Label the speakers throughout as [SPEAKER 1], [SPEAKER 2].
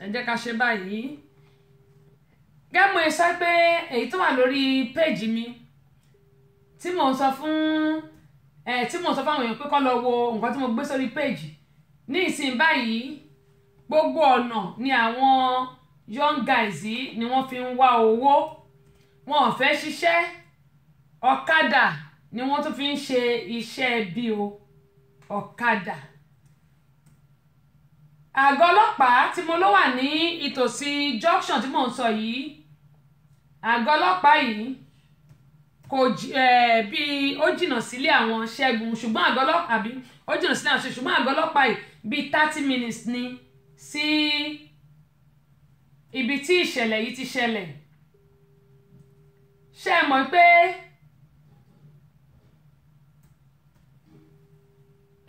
[SPEAKER 1] ẹ jẹ́ ká ṣe báyìí gẹ́mú ẹ sọ pé èyí tó wà lórí péèjì mi tí mò ń sọ fún ẹ tí mò ń sọ fáwọn èèyàn pé kọ́ lọ wo nǹkan tí mo gbé sórí péèjì ní ìsìn báyìí gbogbo ọ̀nà ni àwọn young guys yìí ni wọ́n fi ń wá owó wọn ò fẹ́ ṣiṣẹ́ ọ̀kadà ni wọ́n tún fi ń ṣe iṣẹ́ bí o ọ̀kadà àgọ́ ọlọ́pàá tí mo ló wà ní ìtòsí junction tí mò ń sọ yìí àgọ́ ọlọ́pàá yìí kò bí ó jìnnà sílé àwọn ṣẹ́gun ṣùgbọ́n àgọ́ ọlọ́pàá bí ó jìnnà sílé àwọn ṣẹ́gun ṣùgbọ́n àgọ́ ọlọ́pàá yìí bíi thirty minutes ni sí ibi tí ìṣẹ̀lẹ̀ yìí ti ṣẹlẹ̀ ṣe é mọ̀ pé.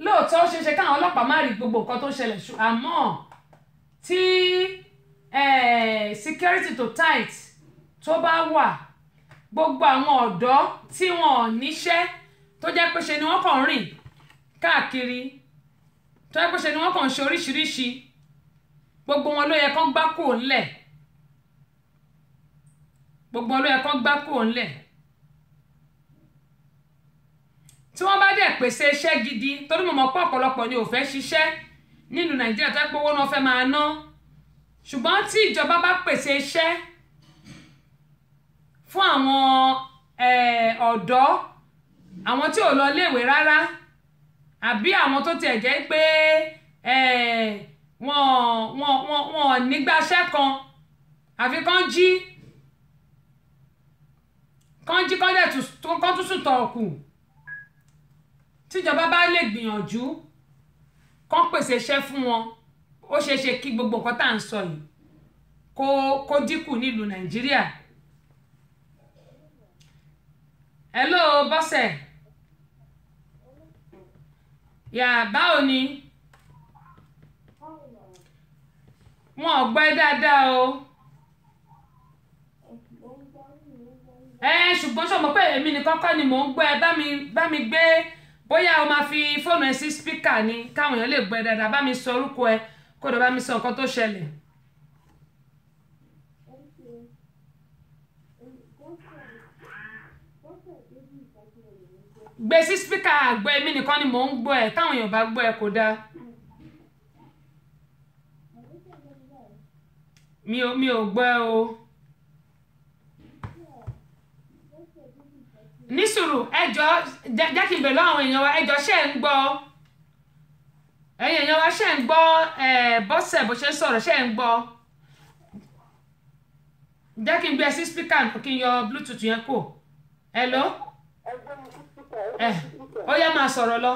[SPEAKER 1] lóòótọ́ ó ṣeéṣe káwọn ọlọ́pàá má rí gbogbo nǹkan tó ń ṣẹlẹ̀ ṣù àmọ́ tí security to tight tó bá wà gbogbo àwọn ọ̀dọ́ tí wọn ò níṣẹ́ tó jẹ́ pé ṣe ni wọ́n kàn ń rìn káàkiri tó jẹ́ pé ṣe ni wọ́n kàn ń ṣe oríṣiríṣi gbogbo wọn ló yẹ kán gbá kúrò ńlẹ̀ gbogbo wọn ló yẹ kán gbá kúrò ńlẹ̀ tí wọ́n bá dẹ̀ pèsè iṣẹ́ gidi torí mo mọ̀ pé ọ̀pọ̀lọpọ̀ ni ò fẹ́ ṣiṣẹ́ nínú nàìjíríà tó pé owó náà fẹ́ máa ná ṣùgbọ́n tí ìjọba bá pèsè iṣẹ́ fún àwọn ọ̀dọ́ àwọn tí ò lọ léèwé rárá àbí àwọn tó tiẹ̀ jẹ́ pé wọn wọn wọn wọn nígbàṣẹ́ kan àfi kán jí kán jí kán dẹ̀ tún sùn tọ̀ọ̀kù tíjọba bá lè gbìyànjú kán pèsè iṣẹ́ fún wọn ó ṣeé ṣe kí gbogbo nǹkan tá à ń sọ yìí kó kó dínkù nílùú nàìjíríà. hello bọ́sẹ̀ yà báwo ni wọn ò gbọ́ dáadáa o. ẹ ṣùgbọ́n ṣọmọ pé èmi nìkan kọ́ ni mò ń gbọ́ bá mi bá mi gbé bóyá o máa fi fóònù ẹ sí spíkà ni káwọn èèyàn lè gbọ́ ẹ dáadáa bá mi sọ orúkọ ẹ kó o bá mi sọ nǹkan tó ṣẹlẹ̀. gbé sí spíkà àgbẹ̀ èmi nìkan ni mò ń gbọ́ ẹ táwọn èèyàn bá gbọ́ ẹ kò dáa. mi ò gbọ́ ẹ o. ní sùúrù ẹjọ́ jẹ́ kí n bèèrè lọ́wọ́ àwọn èèyàn wa ẹjọ́ ṣe ń gbọ́ ẹ̀yin èèyàn wa ṣe ń gbọ́ bọ́sẹ̀ bó ṣe ń sọ̀rọ̀ ṣe ń gbọ́ jẹ́ kí n gbé ẹ sí spíkà kí n yọ bluetooth yẹn kò hello ó yá máa sọ̀rọ̀ lọ.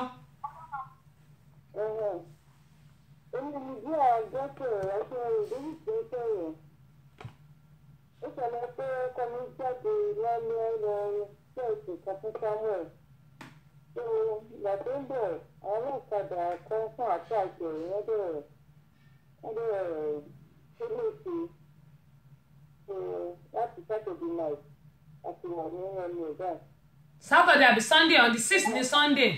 [SPEAKER 2] Èmi ni bí ọjọ́ kẹrẹ̀ ẹ̀ṣẹ̀ ìdílé ìgbésẹ̀ yẹn. Ó ṣẹlẹ̀ pé kọ́mi jáde lọ́lẹ́ lọ́rùn ṣe ìṣèkọ fún samuel tó ìgbà tó ń bọ̀ àwọn ọlọ́kadà kan fún àtọ́ àjọ ìyẹn bẹ̀rẹ̀ wọ́n bẹ̀rẹ̀ tó lè ṣe láti
[SPEAKER 1] saturday night
[SPEAKER 2] àti wà ní ẹnu ẹ̀dá.
[SPEAKER 1] saturday àbí sunday on the sixth ni sunday.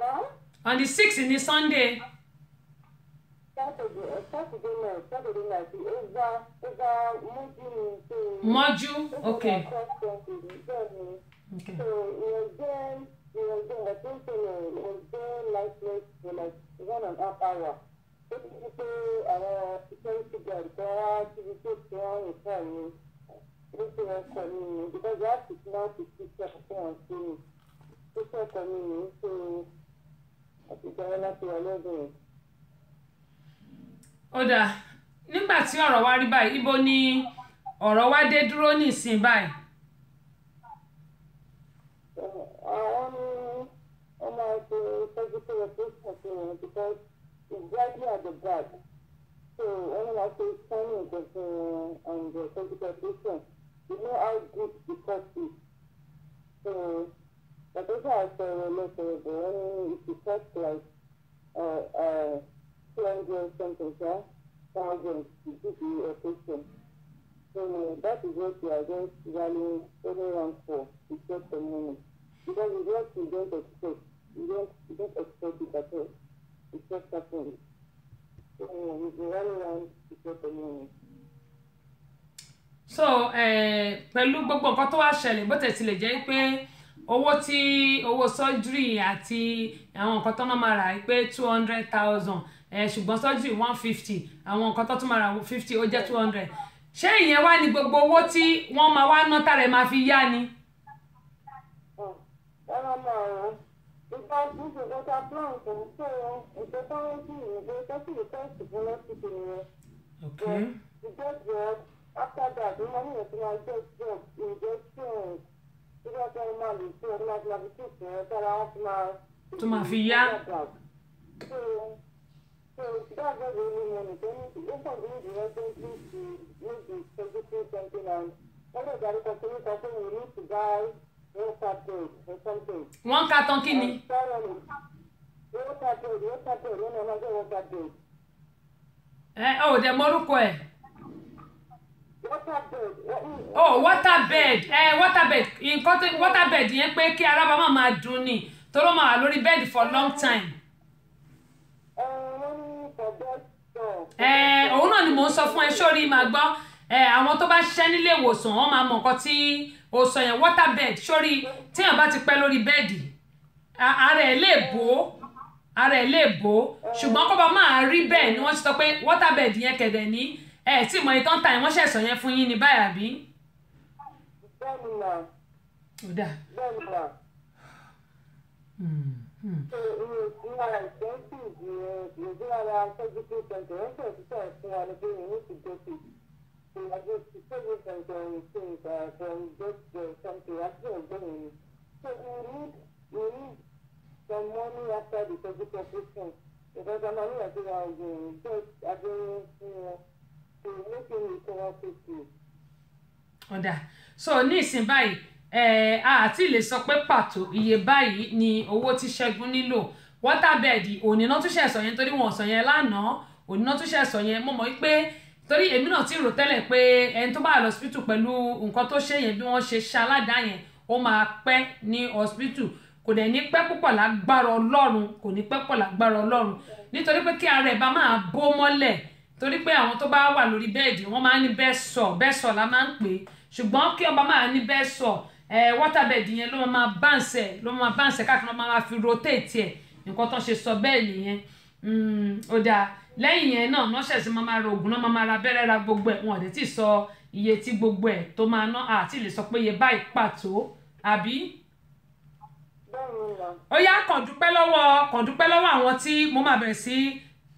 [SPEAKER 1] No? on the sixth ni sunday.
[SPEAKER 2] Module ok. okay. So, we
[SPEAKER 1] ó dáa nígbà tí ọ̀rọ̀ wa rí báyìí ibo ni ọ̀rọ̀ wa dé dúró nísìn báyìí.
[SPEAKER 2] àwọn ọmọ ẹgbẹ́ tọ́jú pé ẹgbẹ́ ìṣẹ̀ṣẹ̀ rẹ̀ because exactly at the back so wọ́n wá pé signing the on the certification you know how deep the cost is so pàtẹ́sà sọ̀rọ̀ lọ́sọ̀rọ̀ bẹ̀rẹ̀ ní ìfẹ́ like. Uh, uh, 200 something huh? thousand to do a patient. So that eh, is what we are just rallying everyone for, except the moment. Because it's what don't expect. We don't, we don't expect it at all. It's just happening. So we can rally around except the moment.
[SPEAKER 1] so pẹ̀lú gbogbo nǹkan tó wá ṣẹlẹ̀ bó tẹ̀ jẹ́ pé owó tí owó surgery àti àwọn nǹkan tó náà máa rà pé two hundred thousand ṣùgbọ́n surgery one fifty àwọn nǹkan tó tún máa rà fifty ó jẹ́ two hundred ṣé ìyẹn wá ní gbogbo owó tí wọ́n máa wá ná tàrẹ máa fi yá ni.
[SPEAKER 2] ẹ̀rọ ọmọ ọ̀hún ìgbà níbi ìgbàjà brown kò ń pè wọn ètò kọ́rẹ́jì ìwé tẹ́sí ìfẹ́sì fún lọ́sibí nìyẹn. okay. you get your after that money wey you wan get from you get nígbà tó ń máa lè fún ọdún láti máa fi kí ìsìn ẹ sára wọn ti máa.
[SPEAKER 1] tó máa fi yá. dáàbòbò oh waterbed ẹ eh, waterbed nǹkan tó waterbed yẹn pé kí ara bàbá máa dùn ni tóró máa lórí bed for long time. ẹ eh, eh, òun náà ni mò ń sọ fún ẹ sórí màá gbọ́ ẹ eh, àwọn tó bá ṣiṣẹ́ nílé ìwòsàn wọ́n máa mọ̀ nǹkan tí o sọ yẹn waterbed sórí téèyàn bá ti pẹ́ lórí bẹ́ẹ̀dì ara ẹ̀ lè bò ó ara ẹ̀ lè bò ó ṣùgbọ́n kó bá máa rí bẹ́ẹ̀ ni wọ́n ti sọ pé waterbed yẹn kẹ̀dẹ̀ ní ẹ tí ìmọ̀ yìí tán ta ni ṣẹ̀sọ̀ yẹn fún yín ní báyà bí.
[SPEAKER 2] bẹ́ẹ̀ni na bẹ́ẹ̀ni na ṣe
[SPEAKER 3] ní
[SPEAKER 2] bí ìrìn ní ti dé sí i. So we need we need the money after the you
[SPEAKER 1] ọ̀dà so ní ìsìn báyìí a àti lè sọ pé pàtó iye báyìí ni owó tí Ṣẹ́gun nílò waterbed òní náà tún ṣe sọ yẹn torí wọn sọ yẹn lánàá òní náà tún ṣe sọ yẹn mo mọ̀ pé torí èmi náà ti rò tẹ́lẹ̀ pé ẹni tó bá lọ hospital pẹ̀lú nǹkan tó ṣe yẹn bí wọ́n ṣe ṣe aládàá yẹn ó máa pẹ́ ní hospital kò dẹ̀ ní pẹ́ púpọ̀ lágbára ọlọ́run kò ní pẹ́ púpọ̀ lágbára ọlọ́run nítorí pé kí ara ẹ̀ bá máa bó mọ́lẹ̀ torí pé àwọn tó bá wà lórí bẹ́ẹ̀dì wọ́n máa ń ní bẹ́ẹ̀ sọ bẹ́ẹ̀ sọ la máa ń pè é ṣùgbọ́n kí ọba máa ní bẹ́ẹ̀ sọ ẹ wọ́tàbẹ̀dì yẹn ló máa báǹsẹ̀ ló máa báǹsẹ̀ káàkiri wọ́n máa fi rotate ẹ̀ nǹkan tó ń ṣe sọ bẹ́ẹ̀ nìyẹn hmm, ó dáa lẹ́yìn yẹn náà nọ́ọ̀ṣẹ̀ sí máa máa ra oògùn náà máa máa ra abẹ́rẹ́ ra gbogbo ẹ̀ wọn ò dé tí sọ iye tí gbogbo ẹ̀ tó máa ná àti lè sọ pé iye báyìí pàtó àbí. ó yá kàn dúpẹ́ lọ́wọ́ kàn dúpẹ́ lọ́wọ́ àwọn tí mo máa bẹ̀rẹ̀ sí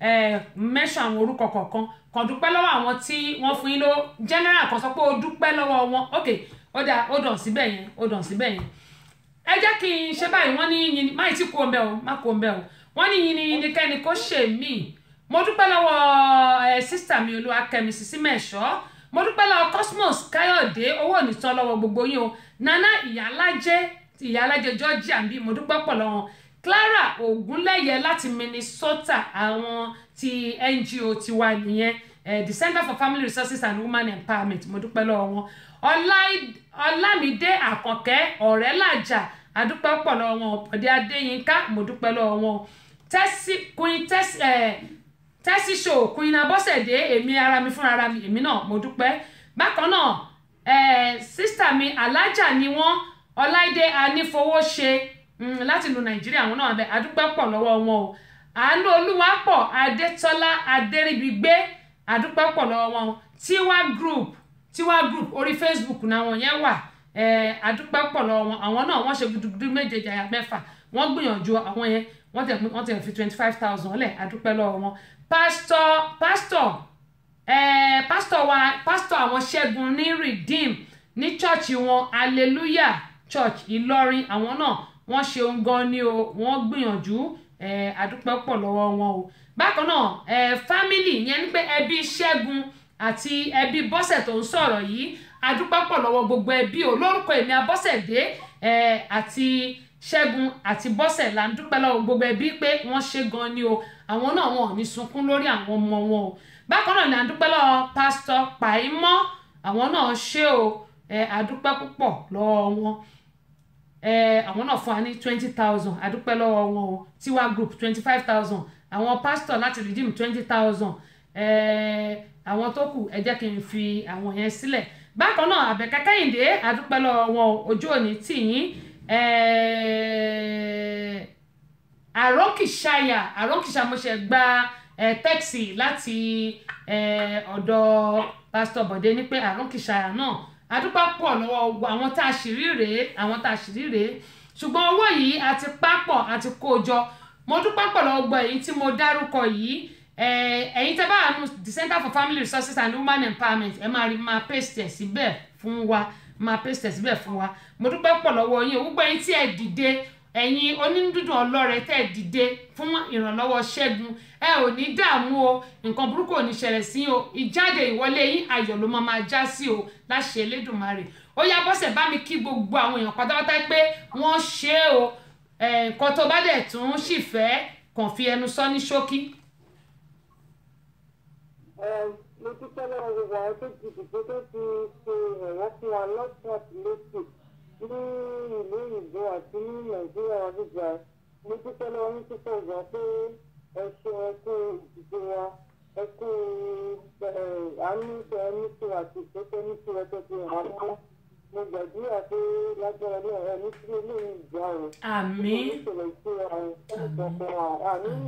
[SPEAKER 1] mẹ́sàn àwọn orúkọ kọ̀ọ̀kan kàn dúpẹ́ lọ́wọ́ àwọn tí wọ́n fún yín lówó general kan sọ pé o dúpẹ́ lọ́wọ́ wọn ok ó dà ó dàn síbẹ̀ yẹn ó dàn síbẹ̀ yẹn ẹ jẹ́ kí n ṣe báyìí wọ́n ní yin má ì tí kú ọ̀nbẹ o má kú ọ̀nbẹ o wọ́n ní yin ni yin ni kẹ́ni kó ṣe mí mo dúpẹ́ lọ́wọ́ ẹ sísítà mi Olúwakẹ́mi sísí mẹ́ṣọ́ mo dúpẹ́ lọ́wọ́ Cosmos Káyọ̀dé owó ònìtàn lọ́wọ́ gbogbo yín o Nana Ìyálájẹ́ Ìyálájẹ́ George bí mo dúpẹ́ pọ̀ lọ́wọ́ Clara Ogunleye láti Minnesota àwọn ti NGO tiwa nìyẹn eh, the Center for Family Resources and Women Empowerment mo dúpẹ́ lọ́wọ́ wọn Ọlámídé Àkànkẹ́ Ọ̀rẹ́làjà adúpẹ́ pọ̀ lọ́wọ́ wọn Bọ̀dé Adéyínká mo dúpẹ́ lọ́wọ́ wọn tẹ́sí queen tẹ́sí ẹ̀ eh, tẹ́sí show queen Abọ́sẹ̀dé èmi ara mi fúnra ara mi èmi náà mo dúpẹ́ bákan náà ẹ̀ eh, sísítà mi alájà ni wọ́n Ọláìdé Anífowóṣe Mm, láti ìlú nàìjíríà àwọn náà àdúgbò pọ̀ lọ́wọ́ wọn o àánú olúwapọ̀ adétọ́lá adéríbigbé àdúgbò pọ̀ lọ́wọ́ wọn o tiwa group tiwa group orí facebook náwọn yẹn wà àdúgbò pọ̀ lọ́wọ́ wọn àwọn náà wọ́n ṣe gudugudu méje jàyà mẹ́fà wọ́n gbìyànjú àwọn yẹn wọ́n tẹ̀ wọ́n tẹ̀ fi twenty five thousand lẹ̀ àdúpẹ́ lọ́wọ́ wọn pásítọ̀ pásítọ̀ ẹ̀ẹ́ pásítọ̀ wa pásítọ̀ àwọn ṣẹ́gun ní redeem ní chọ́ọ̀chì wọn hallelujah church ìlọrin àwọn náà wọ́n ṣeun gan ni o wọ́n gbìyànjú àdúpẹ́ pọ̀ lọ́wọ́ wọn o bákan náà family yẹn ni pé ẹbí Ṣẹ́gun àti ẹbí Bọ́sẹ̀ tó ń sọ̀rọ̀ yìí àdúpẹ́ pọ̀ lọ́wọ́ gbogbo ẹbí o lórúkọ èmi Abọ́sẹ̀dé àti Ṣẹ́gun àti Bọ́sẹ̀ là ń dúpẹ́ lọ́wọ́ gbogbo ẹbí pé wọ́n ṣe gan ni o àwọn náà wọn ò ní sunkún lórí àwọn ọmọ wọn o bákan náà ni àdúpẹ́ lọ́wọ́ pásítọ̀ Pàímọ́ àwọn náà ṣe o àdúpẹ́ púpọ̀ lọ́wọ́ wọn àwọn náà fún wa ní twenty thousand àdúpẹ́ lọ́wọ́ wọn o tiwa group twenty five thousand àwọn pastor. láti redeem twenty thousand àwọn tó kù ẹ jẹ́ kí n fi àwọn yẹn sílẹ̀ bákan náà àbẹ̀kẹ́ kẹ́hìndé àdúpẹ́ lọ́wọ́ wọn ojú òní tì yín àrókìṣàyà àrókìṣà mo ṣe gba tẹ́ksì láti ọ̀dọ̀ pásítọ̀ bọ̀dé ní pé àrókìṣàyà náà àdúpà pọ̀ lọ́wọ́ àwọn tá a sì rí rèé àwọn tá a sì rí rèé ṣùgbọ́n owó yìí àti pápọ̀ àti kójọ mo dúpẹ́ pọ̀ lọ́wọ́ gbọ́ èyí tí mo dárúkọ yìí ẹ̀yin tẹ́ bá àánú the center for family resources and women empowerment ẹ máa rí máa paste ẹ̀ síbẹ̀ fún wa máa paste ẹ̀ síbẹ̀ fún wa mo dúpẹ́ pọ̀ lọ́wọ́ yín òwúgbọ́ yín tí ẹ dìde ẹ̀yin onídùúdùn ọlọ́rẹ tẹ́ ẹ dìde fún ìrànlọ́wọ́ ṣẹ́gun ẹ ò ní dààmú o nǹkan burúkú ò ní ṣẹlẹ̀ sí o ìjáde ìwọlé yín ayọ̀ ló máa máa já sí o láṣẹ Elédùmarè ó yá bọ́sẹ̀ bá mi kí gbogbo àwọn èèyàn pátápátá pé wọ́n ṣe é o nǹkan tó bá dẹ̀ tún sì fẹ́ kàn fi ẹnu sọ ní ṣókí.
[SPEAKER 2] mo dúpẹ́ lọ́wọ́ gbogbo àwọn ti dìbò tó ti ṣe ìrànwọ́ fún wa lọ́sọ̀ọ̀tì lóṣù ní ìlú òyìnbó àti ní nàìjíríà gbígbà mo dúpẹ́ lọ́wọ́ ní pípẹ́ ìgbà pé ẹ ṣe ẹ ìdìbò wa ẹ kú àánú àti ìgbésẹ̀ ní tó ẹ tó fi mo gbàdúrà pé lágbára náà ẹ ní tí ilé ìjà o àmì ìṣẹ̀lẹ̀ sí ọ̀hún àmì ìrìnàjò tó dé ọlọ́run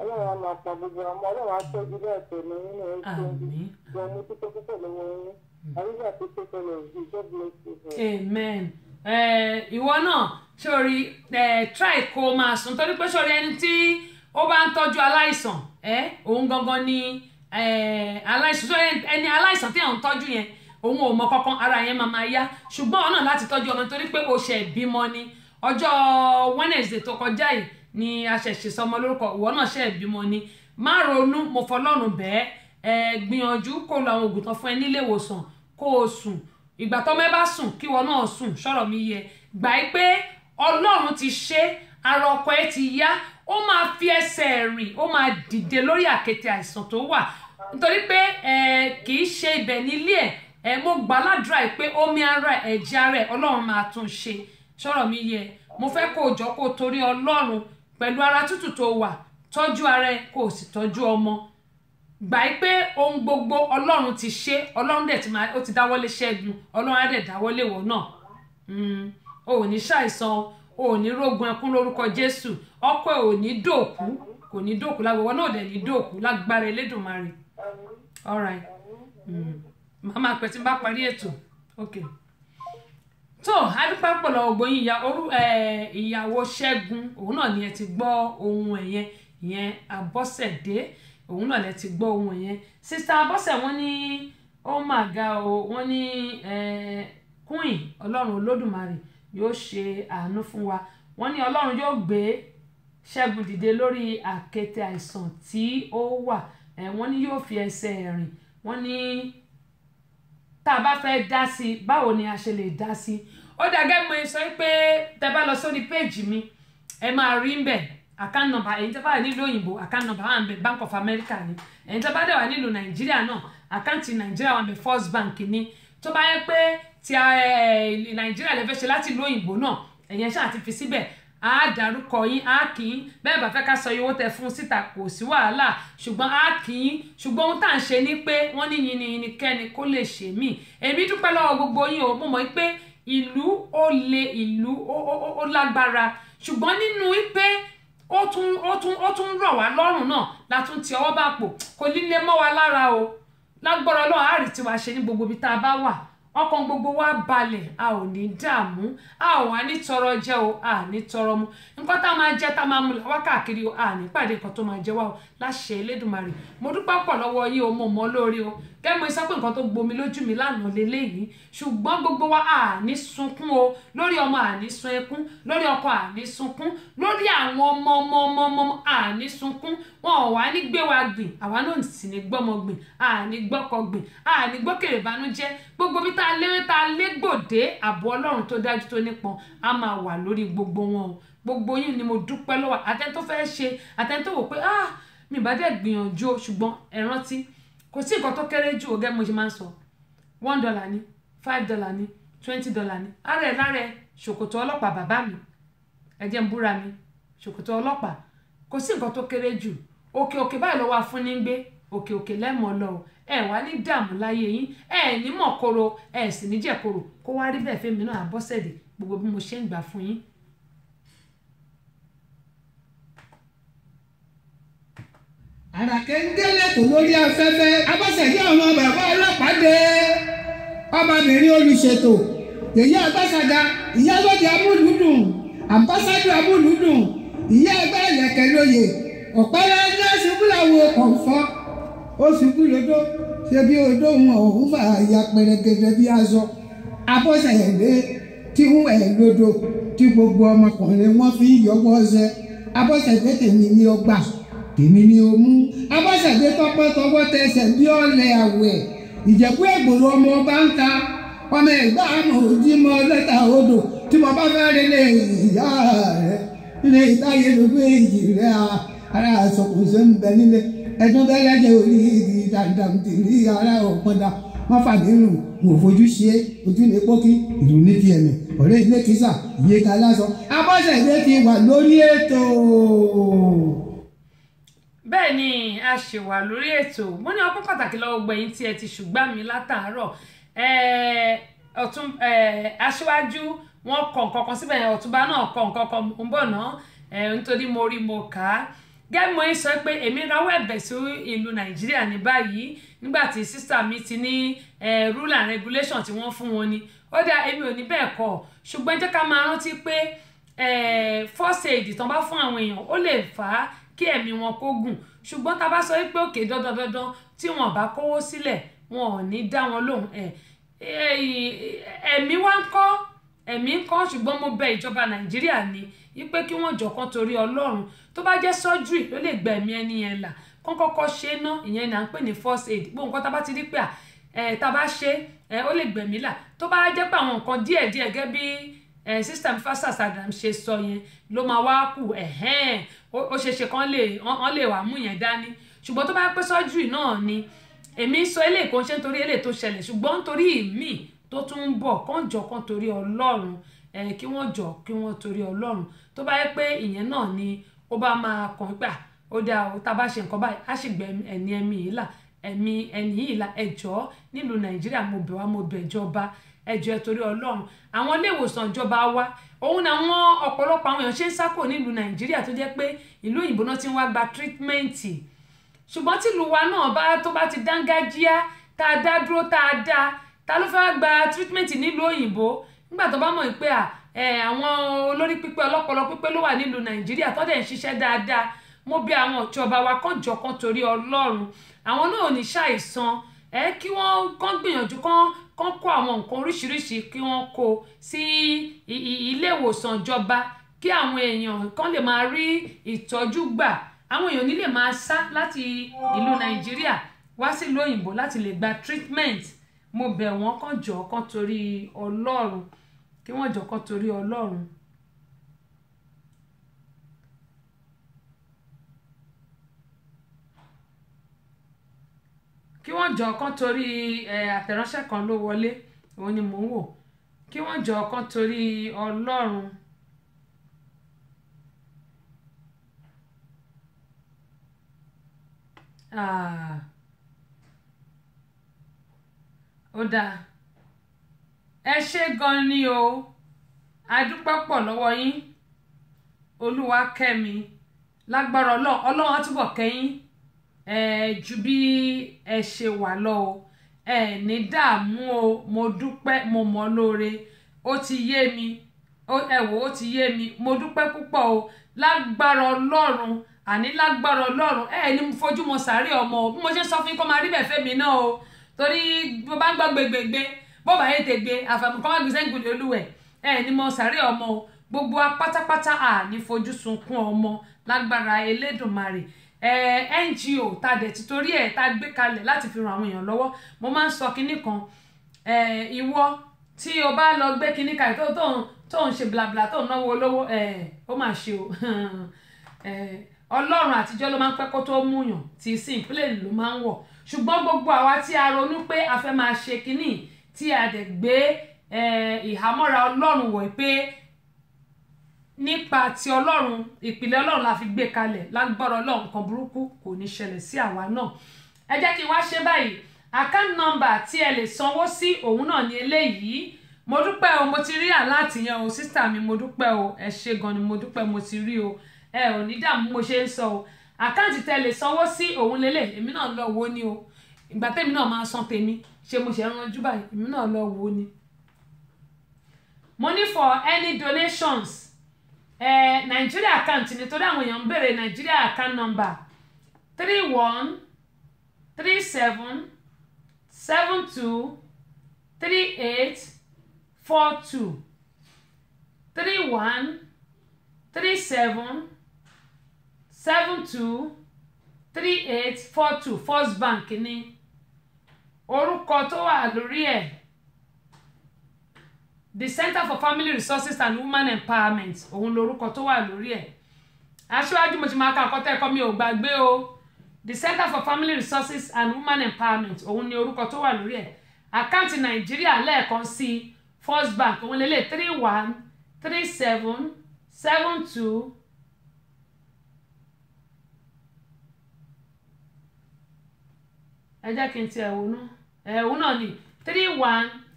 [SPEAKER 2] á máa pa ọlọ́run á tọ́jú bẹ́ẹ̀ nínú ẹ̀ tó
[SPEAKER 1] amen ìwọ náà sórí try kó o máa sùn torí pé sórí ẹni tí ó bá ń tọ́jú aláìsàn òun gangan ni aláìsàn sórí ẹni aláìsàn tí à ń tọ́jú yẹn òun ò mọ kankan ara yẹn máa máa yá ṣùgbọ́n ọ̀nà láti tọ́jú ọmọ torí pé o ṣe ìbímọ ni ọjọ́ Wednesday tó kọjá yìí ni a ṣẹ̀ṣẹ̀ sọmọ lórúkọ ìwọ náà ṣe ìbímọ ni má ronú mo fọlọ́run bẹ́ẹ̀ ẹ gbìyànjú kó lo àwọn oògùn tó fún ẹ nílé ìwòsàn kó o sùn ìgbà tọ́mọ ẹ bá sùn kí wọn náà sùn sọ̀rọ̀ mi yẹ gbà í pé ọlọ́run ti ṣe ara ọkọ ẹ ti yá ó máa fi ẹsẹ̀ rìn ó máa dìde lórí àkéte àìsàn tó wà nítorí pé ẹ kì í ṣe ibẹ̀ nílé ẹ̀ ẹ mo gbà ládùúrà ẹ pé omi ara ẹ̀jẹ̀ ara ẹ ọlọ́run máa tún ṣe sọ̀rọ̀ mi yẹ mo fẹ́ kó o jọ kó o torí ọlọ́run pẹ̀lú ara tútù tó wà tọ́jú ara ẹ kó o sì tọ́jú ọmọ gbà í pé ohun gbogbo ọlọ́run ti ṣe ọlọ́run dẹ̀ ti máa ó ti dáwọ́lé ṣẹ́gun ọlọ́run á dẹ̀ dáwọ́lé wọ̀ náà hmm, o ò ní ṣàìsàn o ò ní rógun ẹkún lórúkọ jésù ọkọ ẹ ò ní dòkú kò ní dòkú lágbàwọ náà dẹ̀ ní dòkú lágbára elédùnmarè alright hmm, màmá pẹ̀ tí n bá parí ètò ok tó adúpẹ́ pọ̀lọ̀ ògbóyin ìyá orú ìyàwó ṣẹ́gun òun náà ni ẹ ti gbọ́ ohun ẹ̀yẹn ìyẹn àbọ̀sẹ̀dé òun náà lẹ ti gbọ́ ohun yẹn sista abọ́sẹ̀ wọ́n ní ó mà ga o wọ́n ní eh, queen ọlọ́run olódùmarè yóò ṣe àánú fún wa wọ́n ní ọlọ́run yóò gbé ṣẹ́gun dìde lórí àkéte àìsàn tí ó wà eh, wọ́n ní yóò fi ẹsẹ̀ rìn wọ́n ní tá a bá fẹ́ dá sí i báwo ni a ṣe lè dá sí i ó dàgẹ́ mo sọ pé tẹ bá lọ sórí péèjì mi ẹ máa rí ń account number ẹ̀yin tẹ́ bá wà nílùú òyìnbó account number wà ń bank of america ni ẹ̀yin tẹ́ bá dẹ̀ wà nílùú nàìjíríà náà account nàìjíríà wà ń bẹ first bank ni tó bá yẹ pé ti eh, nàìjíríà lè fẹ́ ṣe láti ìlú òyìnbó náà ẹ̀yin ṣáà ti fi síbẹ̀ á dárúkọ yín á kì í bẹ́ẹ̀ bá fẹ́ ká sọ owó tẹ fún síta kò sí wàhálà ṣùgbọ́n á kì í ṣùgbọ́n ohun tá à ń ṣe ni pé wọ́n ní yin ni yinikẹ́ni kó lè ṣe mí èmi dúpẹ́ lọ́wọ́ gbogbo yín o mo mọ̀ pé ìlú ó le ìlú ó lágbára ṣùgbọ́n nínú pé ó tún ó tún ó tún rọ̀ wá lọ́rùn náà látún ti ọwọ́ bá pò kò líle mọ́ wa lára o lágbára ọlọ́run àárí tí wàá ṣe ní gbogbo ibi tá a bá wà ọkàn gbogbo wa balẹ̀ a ò ní dààmú a ò wá ní tọrọ jẹ o a ní tọrọ mu nǹkan tá a máa jẹ tá a máa mu làwa o a ní pàdé nǹkan tó máa jẹ wá o láṣẹ elédùnmarè mo dúpẹ́ pọ̀ lọ́wọ́ yín o mo mọ̀ lórí o kẹ́mọ iṣẹ́ pé nǹkan tó gbomi lójú mi lánàá leléyìí ṣùgbọ́n gbogbo wa àní sunkún o lórí ọmọ àní sun ẹkún lórí ọkọ àní sunkún lórí àwọn ọmọ ọmọ ọmọ ọmọ àní sunkún wọn ò wá ní gbé wa gbìn àwa náà sì ní gbọ́mọ gbìn àní gbọ́kọ gbìn àní gbọ́kèrè ìbànújẹ́ gbogbo bí ta a lérè a lé gbòdé ààbò ọlọ́run tó dájú tó nípọn á máa wà lórí gbogbo wọn o gbogbo yín ni mo dúpẹ́ lọ́wọ́ àtẹ́ńtò fẹ́ ṣe àtẹ́ńtò wò pé ah mi bá dẹ̀ gbìyànjú o ṣùgbọ́n ẹ rántí kò sí nǹkan tó kéré jù ọ̀gẹ́ mo ṣe máa ń sọ one dollar ni five dollar ni twenty dollar ni ara ẹ̀ lára ẹ̀ ṣòkòtò ọlọ́pàá bàbá mi ẹ jẹ́ ń búra mi ṣòkòtò ọlọ́pàá kò sí nǹkan tó kéré jù òkè òkè báyìí lọ́wọ́ afúnni ń gbé òkè òkè lẹ́mọ̀ lọ ẹ wá ní dààmú láyé yín ẹ ní mọ̀koro ẹ sì ní jẹ̀koro kó wá rí bẹ́ẹ̀ fẹ́mi náà àbọ́sẹ̀dẹ̀ gbogbo bí mo ṣe ń gbà fún yín
[SPEAKER 4] àràkẹ́ ń délé kò lórí afẹ́fẹ́ abọ́sẹ̀dé ọmọ bàbá ọlọ́pàá dé ọmọbìnrin olùṣètò èyí àbáṣàgà ìyálòdì amúlùdùn àbáṣájú amúlùdùn ìyá ẹgbẹ́ ìlẹ̀kẹ̀ lóye ọ̀pẹ́rẹ́ ní ṣubú làwọn kọ̀ǹfọ́ ó ṣubú lódó ṣe bí odó wọn òun fà ya pẹrẹgẹdẹ bí aṣọ abọ́sẹ̀dé tí ń ẹ̀ lódò tí gbogbo ọmọkùnrin wọn fi yọwọ́ ṣe abọ́sẹ̀dé tèmi ni ó èmi ni o mú abáṣàgbé tọpẹ tọwọ́ tẹsẹ̀ bí ọ̀lẹ àwẹ̀ ìjẹ̀bú ẹ̀gbòrò ọmọ ọba ń ta ọmọ ẹ̀gbá àmọ̀ òjímọ̀ lẹ́tà odò tí mo bá fẹ́ rí lè ìyá rẹ̀ nílé ìtayé ló gbé ìyì rẹ̀ ara àsọkùnso ń bẹ nílé ẹdún bẹ́lẹ́jẹ̀ orí ìdí dandan ti rí ara ọ̀pọ̀dà wọ́n fàmí rùn wò fojú ṣe é ojú ní pókí ìlú ní tiẹ̀ mi ọ̀rẹ́ ilé kìsà ìyẹ́ka lásán abọ́sẹ̀ ilé ti wà lórí ètò
[SPEAKER 1] bẹ́ẹ̀ ni a ṣì wà lórí ètò mo ní ọpọ́ pàtàkì lọ́wọ́ gbẹ̀yìn tí ẹ ti ṣùgbọ́n mi látàárọ̀ ọ̀tún aṣíwájú wọn kọ nǹkan kan síbẹ̀ ọ̀túnba náà kọ nǹkan kan mò ń bọ̀ ná nítorí mo rí mo kà á gẹ́gẹ́ mo sọ pé èmi rawọ́ ẹ̀bẹ̀ sí ìlú nàìjíríà ní báyìí nígbà tí sísà mi ti ní rule and regulation tí wọ́n fún wọn ni ó dá èmi ò ní bẹ́ẹ̀ kọ́ ṣùgbọ́n jẹ́ ká máa rántí pé first aid tán bá fún àwọn èèyàn ó lè fà á kí ẹ̀mí wọn kó gùn ṣùgbọ́n tá a bá sọ wípé òkè dandan dandan tí wọn bá kówó sílẹ̀ wọn ò ní dá wọn lóhùn ẹ̀mí wa ń kọ́ ẹ̀mí ń kọ́ ṣùgbọ́n mo bẹ ìjọba nàìjíríà ni wípé kí wọ́n jọ̀kan torí ọlọ́run tó bá jẹ́ surgery ló lè gba ẹ̀mí ẹni yẹn là kán kọ́kọ́ ṣe ná ìyẹn ni à ń pè ní first aid gbogbo nǹkan tá bá ti rí pé à tá a bá ṣe ó lè gbẹ̀mí là tó bá jẹ́ pé àwọn nǹkan díẹ̀díẹ̀ gẹ́gẹ́ bíi ẹ eh, system fasa sadam ṣe sọ yẹn ló máa wá kù ẹ̀hẹ́n ó ṣeéṣe kan lè wọ́n lè wá mú yẹn dání ṣùgbọ́n tó bá pẹ́ surgery náà ni èmi sọ eléyìí kò ń ṣe eléyìí tó ṣẹlẹ̀ ṣùgbọ́n nítorí mi tó tún ń bọ̀ kán jọ kan torí ọlọ́run ẹ eh, kí wọ́n jọ kí wọ́n torí ọlọ́run tó bá yẹ pé ìyẹn náà ni ó bá máa kàn gbà ó dáa ó tá a bá ṣe nǹkan báyìí á sì gbẹ ẹni ẹmí yìí là ẹmí ẹni yìí là ẹjọ́ nílùú nàìjíríà mo bẹ̀ wá mo bẹ̀ jọba ẹjọ́ torí ọlọ́run àwọn ilé ìwòsàn ìjọba wa òun náà wọn ọ̀pọ̀lọpọ̀ àwọn èèyàn ṣe ń sáko nílùú nàìjíríà tó jẹ́ pé ìlú òyìnbó náà ti ń wá gba tírítímẹ́ǹtì ṣùgbọ́n tìlú wa náà bá tó bá ti dángájíá tá a dá dúró tá a dá ta ló fẹ́ gba tírítímẹ́ǹtì nílùú òyìnbó nígbà tó bá mọ̀ pé àwọn olórí pípé ọlọ́pọlọ pípé ló wà nílùú nàìjíríà tó dẹ̀ ń ṣiṣẹ́ dáadáa mo bí àwọn ìjọba kán kó àwọn nǹkan oríṣiríṣi kí wọ́n kó sí ilé ìwòsàn ìjọba kí àwọn èèyàn kan lè máa rí ìtọ́jú gbà àwọn èèyàn nílè máa sá láti ìlú nàìjíríà wá sí ìlú òyìnbó láti lè gba treatment mo bẹ̀ wọ́n kàn jọ̀ọ́ kàn torí ọlọ́run kí wọ́n jọ̀ọ́ kàn torí ọlọ́run kí wọ́n jọ ọ̀kan torí àtẹ̀ránṣẹ́ kan ló wọlé òun ni mò ń wò kí wọ́n jọ ọ̀kan torí ọlọ́run ah. ó dáa ẹ ṣé gan ni o adúpẹ́ pọ̀ lọ́wọ́ yín olúwa kẹ́mi lágbára ọlọ́run ọlọ́run á túbọ̀ kẹ́yìn ẹ ju bí ẹ ṣe wà lọ o ẹ ní dààmú o mo dúpẹ́ mo mọ̀ lóore ó ti yé mi ẹ wò ó ti yé mi mo dúpẹ́ púpọ̀ o lágbára ọlọ́run àní lágbára ọlọ́run ẹ ní mo fojú mo sàárè ọmọ o bí mo ṣe sọ fún yín kó máa rí bẹ̀ fẹ́mi náà o torí bó bá ń gbọ́ gbẹgbẹgbẹ bó bá yé tègbè àfàmùkọ́ má gbèsè ń gbèlè olúwẹ̀ ẹ ní mo sàárè ọmọ o gbogbo apátápátá àní fojú sunkún ọmọ lágbára elédùnmarè ngo ta dẹ̀ ti torí ẹ̀ ta gbé kalẹ̀ láti fi ran àwọn èèyàn lọ́wọ́ mo máa ń sọ kinní kan ìwọ tí o bá lọ gbé kinní kalẹ̀ tó tó tó ń ṣe blabla tó ń náwó olówó ó mà ṣe o ọlọ́run àtijọ́ ló máa ń pẹ́ kó tó múyàn tí sìn plane ló máa ń wọ̀ ṣùgbọ́n gbogbo àwa tí a ronú pé a fẹ́ máa ṣe kinní tí a dẹ̀ gbé ìhámọ́ra ọlọ́run wọ̀ pé nípa ti ọlọ́run ìpìlẹ̀ ọlọ́run la fi gbé kalẹ̀ lágbára ọlọ́run nǹkan burúkú kò ní ṣẹlẹ̀ sí àwa náà ẹ jẹ́ kí n wá ṣe báyìí account number tí ẹ lè sanwó sí òun náà ní eléyìí mo dúpẹ́ o mo ti rí àláàtì yẹn o sísítà mi mo dúpẹ́ o ẹ ṣe gan ni mo dúpẹ́ mo ti rí o ẹ ò ní dààmú mo ṣe ń sọ o àkáǹtì tẹ lè sanwó sí òun lélẹ̀ èmi náà lọ wo ni o ìgbà tẹ́mi náà máa san tèmi ṣe mo ṣe ń ranjú báyìí èmi náà lọ wo ni. mo ní for any donations Eh, nàìjíríà account nítorí àwọn èèyàn ń béèrè nàìjíríà account number three one three seven seven two three eight four two three one three seven seven two three eight four two first bank ni orúkọ tó wà lórí ẹ̀ the center for family resources and women empowerment òun lorúkọ tó wà lórí ẹ̀ aṣíwájú mo ti máa ka àkọ́tẹ́ ẹ̀kọ́ mi ò gbàgbé o the center for family resources and women empowerment òun ni orúkọ tó wà lórí ẹ̀ àkáǹtì nàìjíríà lẹ́ẹ̀kan sí first bank òun lélẹ̀ three one three seven seven two ẹ jẹ́ kí n tiẹ̀ wò ná ẹ̀hún náà ni three one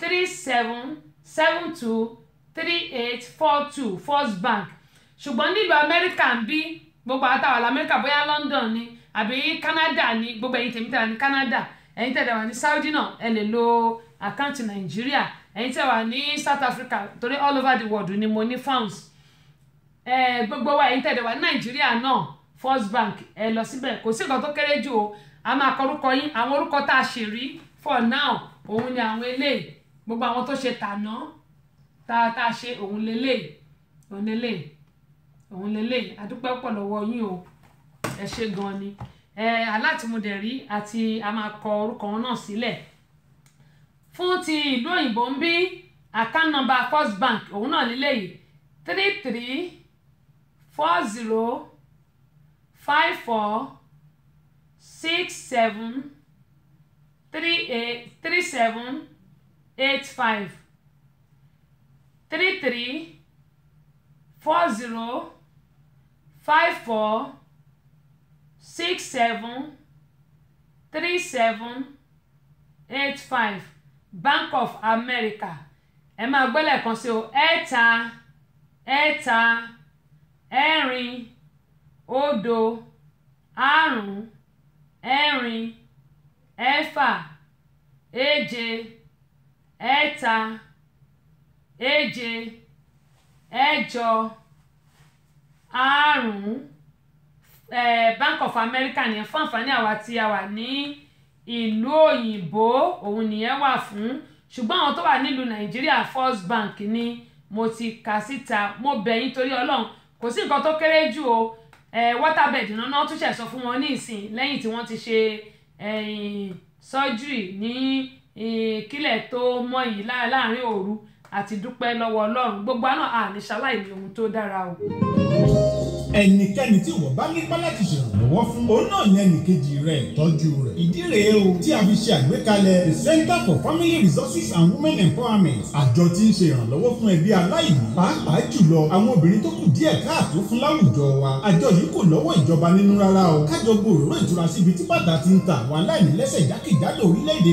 [SPEAKER 1] three seven seven two three eight four two first bank ṣùgbọ́n nílùú amẹ́ríkà ń bí gbogbo àtàwọn amẹ́ríkà bóyá london ni àbí canada ni gbogbo ẹ̀yin tèmi tẹ̀wà ní canada ẹ̀yin tẹ̀dẹ̀ wà ní saudi náà ẹ lè lo àkáǹtì nàìjíríà ẹ̀yin tẹ̀wà ní south africa torí all over the world ni mo ní funds ẹ̀ gbogbo wa ẹ̀yin tẹ̀dẹ̀ wà ní nàìjíríà náà first bank ẹ lọ síbẹ̀ kò sí nǹkan tó kéré jù o a máa kọ orúkọ yín àwọn orúkọ tá a ṣèrí for now òun ni àwọn eléyìí gbogbo àwọn tó ṣe tàná tá a tá a ṣe òun lélẹ̀ òun lélẹ̀ òun lélẹ̀ adúpẹ́ pọ̀ lọ́wọ́ yín o ẹ ṣe gan ni ẹ alátìmúdẹ̀rí àti a máa kọ orúkọ wọn náà sílẹ̀ fún ti ìlú òyìnbó ń bí account number first bank òun náà lílẹ̀ yìí three three four zero five four six seven three eight three seven eight five three three four zero five four six seven three seven eight five Bank of America ẹ máa gbọ́ lẹ́ẹ̀kan sí o ẹ̀ta ẹ̀ta ẹ̀rin òdo àrún ẹ̀rin ẹ̀fà èje ẹ̀ta èje ẹ̀jọ àrùn eh, Bank of America nìyẹn fún àǹfààní àwa tí a wà ní ìlú òyìnbó òun nìyẹn wà fún ṣùgbọ́n àwọn tó wà nílùú nàìjíríà First Bank ni mo ti kà síta mo bẹ̀ yín torí ọlọ́run kò sí nǹkan tó kéré jù o waterbed náà tún ṣẹ̀ sọ fún wọn ní ìsìn lẹ́yìn tí wọ́n ti ṣe surgery ní ìkílẹ̀ tó mọ́ yìí láàrin òru àti dúpẹ́ lọ́wọ́ ọlọ́run gbogbo àná àníṣáláì ní ohun tó dára o
[SPEAKER 3] ẹnikẹ́ni tí wọ́n
[SPEAKER 1] bá nípa láti ṣèrànlọ́wọ́
[SPEAKER 3] fún òun náà ní ẹnìkejì rẹ̀ tọ́jú rẹ̀. ìdí rèé o tí a fi ṣe àgbékalẹ̀ the Center for Family Resources and Women Empowerment àjọ tí ń ṣe ìrànlọ́wọ́ fún ẹbí aláìní pàápàá jùlọ àwọn obìnrin tó kù díẹ̀ káàtó fún láwùjọ wa àjọ yìí kò lọ́wọ́ ìjọba nínú rárá o kájọ gbòòrò ìtura síbi tí bàtà ti ń ta àwọn aláìní jákèjádò orílẹ̀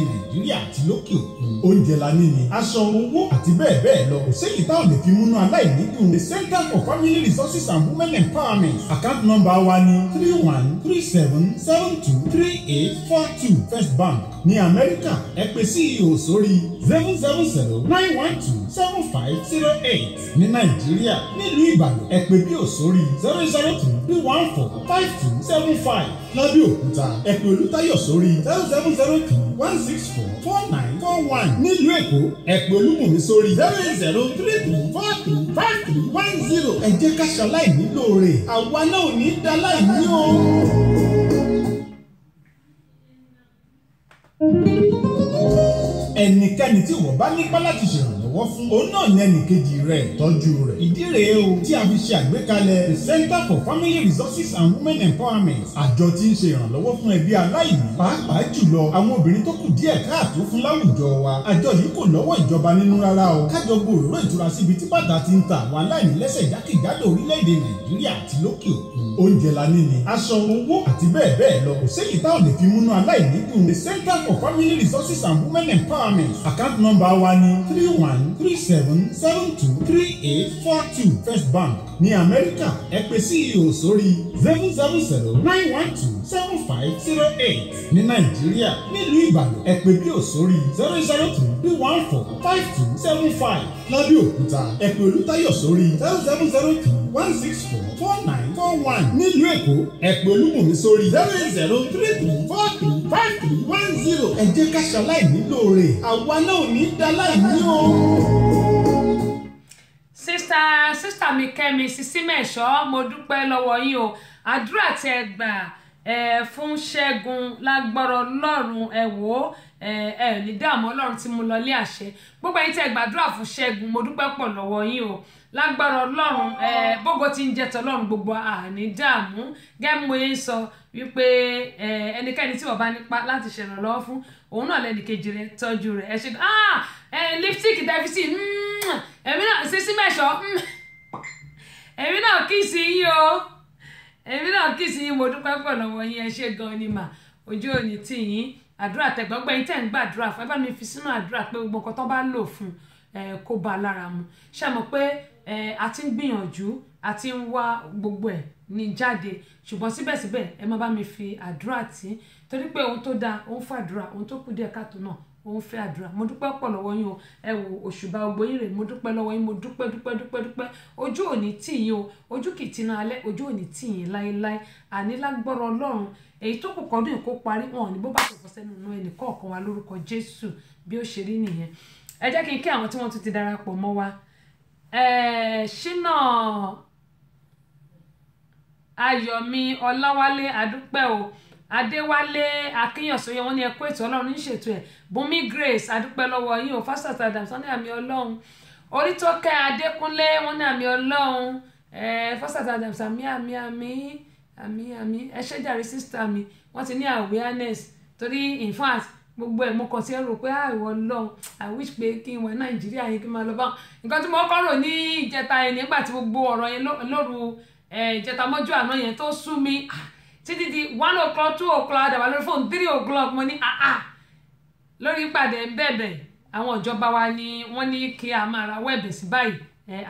[SPEAKER 3] for Family Resources and Women Empowerment farming account number wa ni three one three seven seven two three eight four two first bank ní amẹ́ríkà ẹ pè ceo sórí zero zero zero nine one two seven five zero eight ní nàìjíríà nílùú ìbàdàn ẹ pè bí e o sórí zero zero two three one four five two seven five lábẹ́òkúta ẹ̀pẹ̀ olùtayọ̀ sórí zero seven zero two one six four four nine four one nílùú èkó ẹ̀pẹ̀ olúmọ̀mí sórí zero eight zero three three four three five three one zero ẹ jẹ́ ká ṣaláìní lóore àwa náà ò ní dá láìní o. ẹnikẹ́ni tí wọ́n bá nípa láti ṣèrànwọ́ tọwọ́ fún òun náà ní ẹnìkejì rẹ̀ tọ́jú rẹ̀. ìdí rèé o tí a fi ṣe àgbékalẹ̀ the Center for Family Resources and Women Empowerment àjọ tí ń ṣe ìrànlọ́wọ́ fún ẹbí aláìní pàápàá jùlọ àwọn obìnrin tó kù díẹ̀ káàtó fún láwùjọ wa àjọ yìí kò lọ́wọ́ ìjọba nínú rárá o kájọ gbòòrò ìtura síbi tí bàtà ti ń ta àwọn aláìní lẹ́sẹ̀ jákèjádò orílẹ̀-èdè Nàìjíríà àti lókè òkun oúnjẹ la ní ni aṣọ owó àti bẹ́ẹ̀ bẹ́ẹ̀ lọ kò the Center for Family Resources and Women Empowerment account number wa three one three seven seven two three eight four two First Bank ní Amẹ́ríkà ẹ pè CEO sórí seven seven zero nine one two seven five zero eight ní Nàìjíríà nílùú Ìbàdàn ẹ pè bí òsórí zero zero two three one four five two seven five Lábẹ́òkúta ẹ pè Olútáyọ̀ sórí seven seven zero two one six four four nine four one nílùú èkó ẹ̀pẹ́ olúmọ̀mí sórí zero zero three three four three five three one zero ẹ jẹ́ ká ṣaláì nílò rẹ̀
[SPEAKER 1] àwa náà ò ní daláì ní o. sísá sísá mi kẹ́mi sísí mẹ́ṣọ́ mo dúpẹ́ lọ́wọ́ yín o àdúrà tí ẹ gbà fún ṣẹ́gun lágbọ́rọ̀ lọ́rùn ẹ wò ó ẹ ẹ ní dààmú ọlọ́run tí mo lọ lé àṣẹ gbogbo ẹ̀yin tí ẹ gbàdúrà fún ṣẹ́gun mo dúpẹ́ pọ̀ lọ́wọ́ yín o lágbára ọlọ́run bógo ti ń jẹ tọlọ́run gbogbo àní dààmú gẹ́gẹ́ mo yẹn ń sọ wípé ẹnikẹ́ni tí wọ́n bá nípa láti ṣèrànlọ́wọ́ fún òun náà lẹ́nu kejì tọ́jú rẹ̀ ẹ ṣe gan ah, lipstick tẹ́físì mm, èmi náà sísí mẹ́sọ̀ mm. èmi náà kì í sí yín o èmi náà kì í sí yín mo dúpẹ́ pọ̀ lọ́wọ́ yín ẹ ṣe gan ni mà ojú òní tì yín àdúrà tẹ̀gbọ́gbẹ́ yín tẹ̀ ń gbàdúrà fún ẹ bá mi fi sínú àdúrà pé gbogbo nǹkan tó bá lò fún kó bá lára mu ṣe pé a ti ń gbìyànjú a ti ń wá gbogbo ẹ̀ ní jáde ṣùgbọ́n síbẹ̀síbẹ̀ ẹ má bá mi fi àdúrà tí torí pé ohun tó dáa òun fàdúrà ohun tó kù díẹ̀ káàtó náà òun fẹ́ àdúrà mo dúpẹ́ pọ̀ lọ́wọ́ yín o ẹ wo òṣùbà gbogbo yín rè mo dúpẹ́ lọ́wọ́ yín mo dúpẹ́ dúpẹ́ dúpẹ́ dúpẹ́ ojú òní tì yín o ojú kì í tinú alẹ́ ojú òní tì yín láéláé ànílágbọ́rọ̀ ọlọ́run èyí tó kù kọ́dún ìkó parí wọn ní bó bá tòkọ́ sẹ́nu inú ẹnì kọ̀ọ̀kan wa lórúkọ jésù bí ó ṣe rí nìyẹn ẹ jẹ́ kí n kí àwọn tí wọ́n tún ti darapọ̀ mọ́ wa ṣínà eh, ayọ̀mí ọláwálé adúpẹ́ o adéwálé akínyànsóyè wọn ní ẹkú ètò ọlọ́run ń ṣètò ẹ̀ bùnmi grace adúpẹ́ lọ́wọ́ yín o fásitì adams wọn ní àmì ọlọ́run orítọ́kẹ́ adékúnlé wọn ní àmì ọlọ́run eh, fásitì adams àmì àmì àmì àmì àmì ẹ sísítà mi wọ́n ti ní awareness torí in fact gbogbo ẹ̀ mo kàn sí ẹ̀rù pé àìwọ̀ lọ i wish pé kí n wọ nàìjíríà yẹn kí n máa lọ bá nǹkan tí mo kọ́ rò ní ìjẹta yẹn nígbà tí gbogbo ọ̀rọ̀ yẹn lóru ìjẹta mọ́jú àná yẹn tó sú mi títí di one o'clock two o'clock àdàbà lórí fóònù three o'clock mo ní àà lórí ìpàdé bẹ̀bẹ̀ àwọn ìjọba wa ni wọ́n ní kí a máa rawọ́ ẹ̀bẹ̀ sí báyìí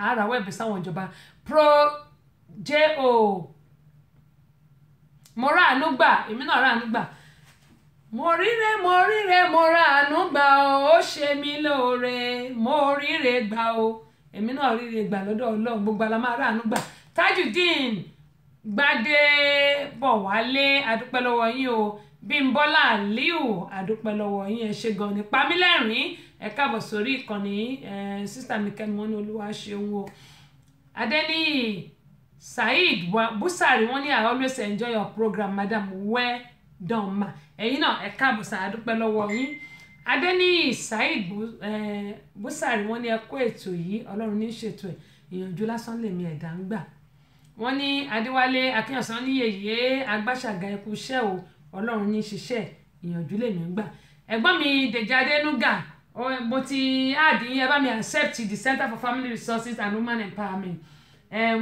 [SPEAKER 1] a rawọ́ ẹ̀bẹ̀ sáwọn ìjọba pro jo mo ra àánú gbà èmi náà ra àánú gbà mo ríre mo ríre mo ra àánú gbà o ó ṣe mí lóore mo ríre gbà o èmi náà ríre gbà lọ́dọ̀ ọlọ́run gbogbo àlá máa ráàánú gbà tajudeen gbadé bọ̀wálé adúpẹ́ lọ́wọ́ yín o bímbọ́lá aliu adúpẹ́ lọ́wọ́ yín ẹ ṣe gan ni pamílẹ́rìn ẹ káàbọ̀ sórí ìkànnì sísá mi kẹ́mi wọn ní olúwa ṣeun o adẹ́niyì saheed busari wọn ní i always enjoy your program madam well done ma ẹ̀yin náà ẹ káàbọ̀ sá àdúpẹ́ lọ́wọ́ yín adẹ́níyì saheed busari wọ́n ní ẹ kó ètò yìí ọlọ́run ní ṣètò ẹ̀ ìyànjú lásán lèmi ẹ̀dá ń gbà wọ́n ní adéwálé akínyànsán ní yèyé agbáṣàgà ẹkú iṣẹ́ o ọlọ́run ní ṣiṣẹ́ ìyànjú lèmi ń gbà ẹ̀gbọ́n mi dèjì adénúgà mo ti àdín ẹ bá mi accept the center for family resources and human empowerment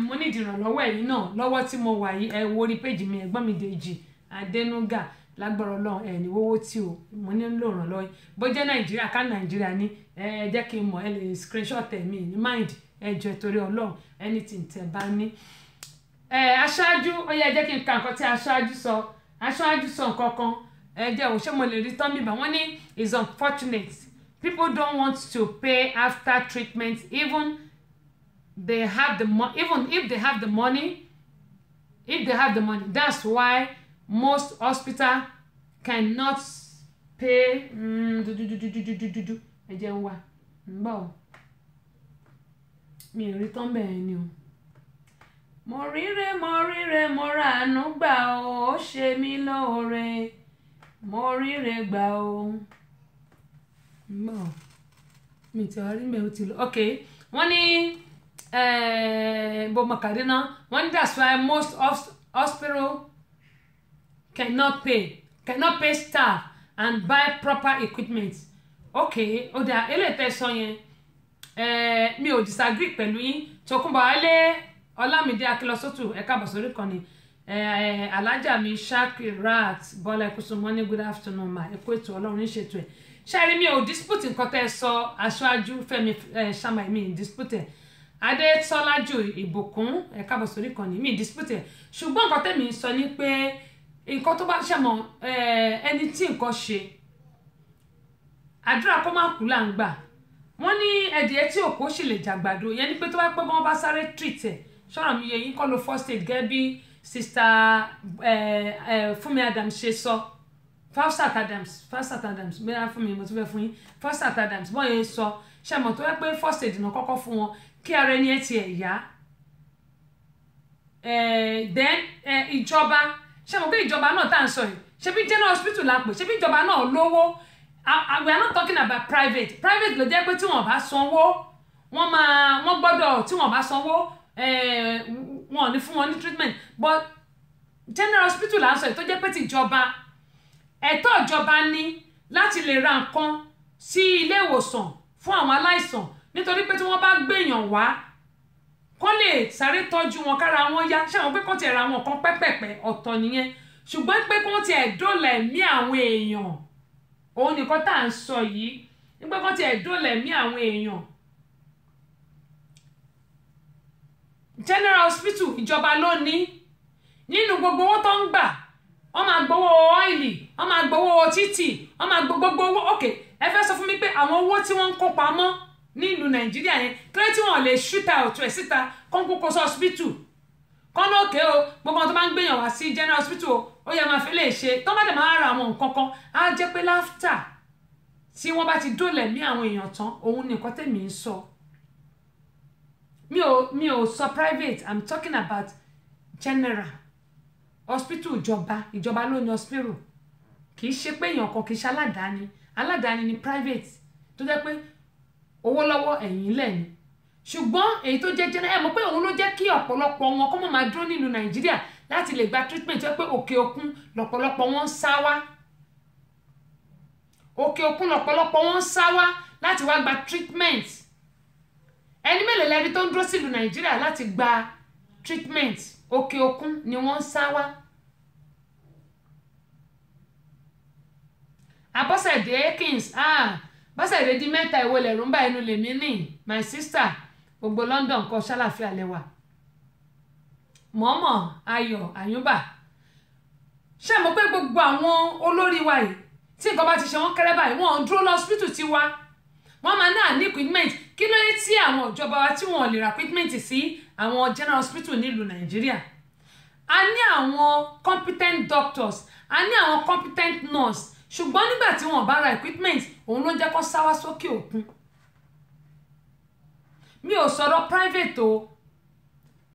[SPEAKER 1] mo ní ìdìrànlọ́wọ́ ẹ̀yin náà lọ́wọ́ tí mo wà yìí ẹ wo orí péjì mi ẹ̀gbọ́n mi dèjì adénúgà lágbára ọlọ́run ẹ̀ ní wọ́wọ́ tí o mo ní lò ràn lọ́yìn bó jẹ́ nàìjíríà ká nàìjíríà ní ẹ jẹ́ kí n mọ̀ ẹ lè screenshot ẹ̀ mi ní mind ẹ jọ torí ọlọ́run anything tẹ bá ní. ẹ aṣáájú ó yẹ jẹ́ kí n ka nǹkan tí aṣáájú sọ aṣáájú sọ nǹkan kan ẹ jẹ́ òun ṣé mo lè rí tán bíbá wọ́n ní is unfortunate people don't want to pay after treatment even they have the money. even if they have the money if they have the money that's why most hospital cannot pay dududududududu mm, ẹ jẹ́ ń wá ń bọ̀ ọ́ mi ò rí tán bẹ́ẹ̀ ni o. mo ríre mo ríre mo ràánú gbà o ó ṣe mí lóore mo ríre gbà o. ń bọ̀ ọ́ mi ti wá rí mẹ́rin ti lọ ok wọ́n ní eh, bó mọ̀kàdé wọ́n ní that's why most hospital cannot pay cannot pay staff and buy proper equipment okay ó dáa eléyìí tẹ́ sọ yẹn mi ò disagree pẹ̀lú yín Tókunbọ̀ Wálé Ọlámídé Akílọsótù ẹ káàbọ̀ sórí ìkànnì alájà mi Shakirat Bọ́lá Ẹkúsùnmọ́ní good afternoon ma ẹ kú ètò Ọlọ́run ní ṣètò ẹ̀ ṣáàrí mi ò dispute nǹkan tẹ́ ẹ sọ aṣáájú Fẹ́mi ṣàmà mi dispute ẹ̀ Adétọ́lájú Ìbùkún ẹ káàbọ̀ sórí ìkànnì mi dispute ẹ̀ ṣùgbọ́n nǹkan mi sọ ni pé nǹkan tó bá ṣàmọ̀ eh, ẹni tí nǹkan ṣe àdúrà kó má kú là ń gbà wọ́n ní ẹdìyẹ tí òkú sì lè jàgbàdo yẹn ni pé tó bá pẹ́ wọ́n bá sáré treat ẹ̀ mi yẹ yín kọ́ lo first aid gẹ́gẹ́ bí sista eh, eh, Fúnmi Adams ṣe sọ Fausat Adams Fausat Adams bẹ́ẹ̀ fún mi mo ti fẹ́ fún yín Fausat Adams bọ́ọ̀ yẹn sọ ṣàmọ̀ tó yẹ pé first aid náà kọ́kọ́ fún wọn kí ara ẹni ẹ tiẹ̀ yá then ìjọba. Eh, ṣé mo pé ìjọba náà tá à ń sọ yìí ṣebí general hospital la pè ṣebí ìjọba náà lówó we are not talking about private private ló jẹ́ pé tí wọ́n bá sanwó wọ́n máa wọ́n gbọ́dọ̀ tí wọ́n bá sanwó wọn ò ní fún wọn ní treatment but general hospital là ń sọ yìí tó jẹ́ pé ti ìjọba ẹ̀tọ́ ìjọba ní láti lè ra nǹkan sí ilé ìwòsàn fún àwọn aláìsàn nítorí pé tí wọ́n bá gbèyàn wá kó lè sáré tọ́jú wọn kára wọn yá ṣé àwọn pé kó tiẹ̀ ra àwọn kan pẹ́pẹ̀pẹ́ ọ̀tọ̀ nìyẹn ṣùgbọ́n pé kó tiẹ̀ dóòlà ẹ̀mí àwọn èèyàn òun nìkan tá à ń sọ yìí nígbà kó tiẹ̀ dóòlà ẹ̀mí àwọn èèyàn general hospital ìjọba ló ní nínú gbogbo owó tó ń gbà wọ́n máa gbowó ọ́ìlì wọ́n máa gbowó títì wọ́n máa gbogbo owó ok ẹ fẹ́ sọ fún mi pé àwọn owó tí wọ́n ń kó pamọ́ nílùú nàìjíríà yẹn kílẹ̀ tí wọ́n lè ṣúta òtún ẹ̀ síta kó ń kókó sọ hospital kọ́nà òkè o gbogbo àwọn tó máa ń gbèyàn wá sí general hospital o ó yẹ máa fi lè ṣe tó bá dẹ̀ máa ra àwọn nǹkan kan á jẹ́ pé láftà tí wọ́n bá ti dólẹ̀ mí àwọn èèyàn tán òun ni tẹ̀mí ń sọ mi ò mi ò sọ private i'm talking about general hospital ìjọba ìjọba ló ní hospital kì í ṣe pé èèyàn kan kì í ṣe aládàáni aládàáni ni private tó jẹ́ pé owó lọ́wọ́ ẹ̀yìn lẹ́yìn ṣùgbọ́n èyí tó jẹ́ jẹ́nà ẹ mọ̀ pé òun ló jẹ́ kí ọ̀pọ̀lọpọ̀ wọn kọ́ mọ̀ máa dúró nílùú nàìjíríà láti lè gba treatment tó yẹ pé òkè òkun lọ̀pọ̀lọpọ̀ wọn ń sá wá òkè òkun lọ̀pọ̀lọpọ̀ wọn ń sá wá láti wá gba treatment ẹni mélòó lẹni tó ń dúró sílùú nàìjíríà láti gba treatment òkè òkun ni wọ́n ń sá wá. Abọ́sẹ̀dé Akins ah bọ́sẹ̀dé di mẹ́ta ìwo lẹ̀rú ń bá ẹnu lèmi ní my sister gbogbo London kọ ṣàlàfíà lẹ́wà mọ́mọ́ ayọ̀ àyùbá ṣé mo pé gbogbo àwọn olórí wa yìí tí nǹkan bá ti ṣe wọ́n kẹ́rẹ́ báyìí wọ́n dúró lọ́sítù ti wá wọ́n máa náà ní equipment kí ló dé tí àwọn ìjọba wa tí wọ́n lè ra equipment sí àwọn general hospital nílùú nàìjíríà a ní àwọn competent doctors a ní àwọn competent nurse ṣùgbọ́n nígbà tí wọ́n bá ra equipment òun ló jẹ́ kó sáwá sókè òkun mi ò sọ̀rọ̀ private o